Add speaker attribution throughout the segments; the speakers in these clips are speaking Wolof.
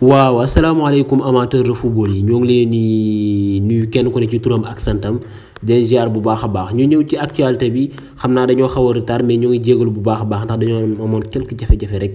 Speaker 1: waaw asalaamaaleykum amateur de football yi ñoo ngi leen di nuyu kenn ku ne ci turam ak santam des ziar bu baax a baax ñu ñëw ci actualité bi xam naa dañoo xaw a retard mais ñoo ngi jégalu bu baax a baax ndax dañoo amoon quelques jafe-jafe rek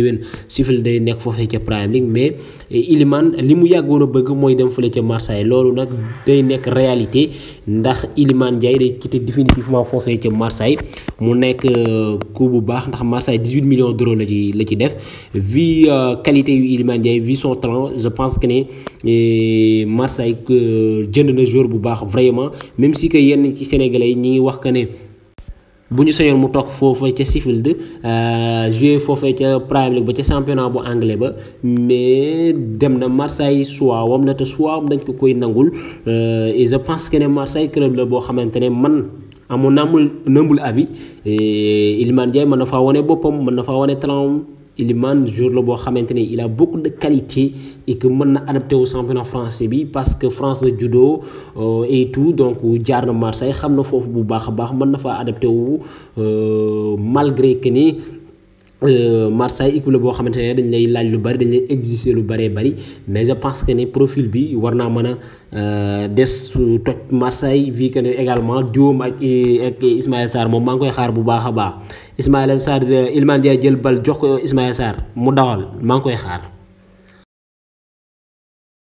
Speaker 1: déwén Sheffield day nek fofé ci prime League mais eh, Iliman limu mu yàggoon a bëgg mooy dem fulé ci Marseille loolu nak day nek réalité ndax Iliman Ndiaye day quitter définitivement fofé ci Marseille mu nek euh, coup bu baax ndax Marseille 18 millions d'euros la ci la ci def vu euh, qualité yu Iliman Ndiaye vu son talent je pense que ne eh, Marseille euh, jënd na joueur bu baax vraiment même si que yenn ci sénégalais ñi ngi wax que né bu ñu sañoon mu Sheffield euh, jouer fofu Premier League ba championnat bu anglais ba mais dem na Marseille choix wam na te dañ ko koy nangul euh, et je pense que Marseille club la je man abi man na na Iliman jour le bois xamante il a beaucoup de qualité et que mon na adapté au championnat français bi parce que France le judo euh, et tout donc jaar na Marseille comme na foofu bu baax a baax mën na euh, malgré que ni. Euh, Marseille équipe boo xamante ne dañ lay laaj lu bari dañ lay exiger lu baree bari mais je pense que ne profil bi war naa mën a euh, des toj Marseille vu que ne également Dioum ak ak Ismaïla Sarr moom maa ngi koy xaar bu baax a baax Ismaïla Sarr euh, Iliman Ndiaye jël bal jox ko Ismaïla Sarr mu dawal maa ngi koy xaar.